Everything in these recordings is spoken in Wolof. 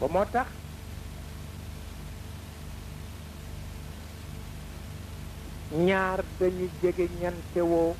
ba moo tax ñaar dañu jege ñante woo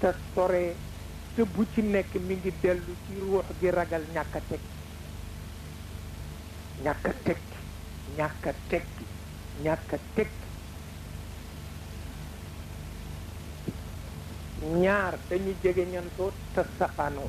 te sore te bu ci nekk mi ngi dellu ci ruux gi ragal ñàkk a tekki ñàkk ñaar dañu jege ñantoo te safaanoo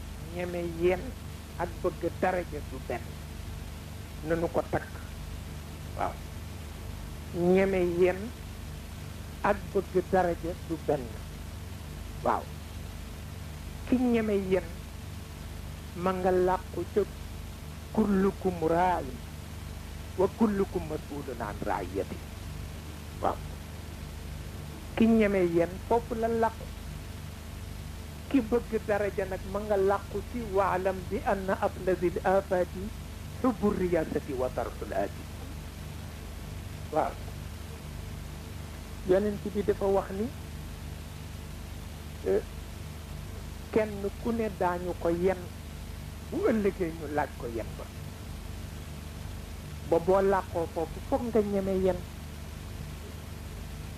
ñeme yenn ak bëgg daraja du benn nanu ko takk waaw ñeme yenn ak bëgg daraja du benn waaw ki ñeme yenn ma nga làqu ca kullukum raayin wa kullukum masuulun an raayati waaw ki ñeme yenn foofu la làqu ki bëgg daraja nag ma nga làqu ci waalam bi anna afladil afaati xubbu riyaasati wa tarful aati bi dafa wax ni euh, kenn ku ne daañu ko yen bu ëllëgee ñu laaj ko yen ba ba boo làqoo foofu foog nga ñeme yen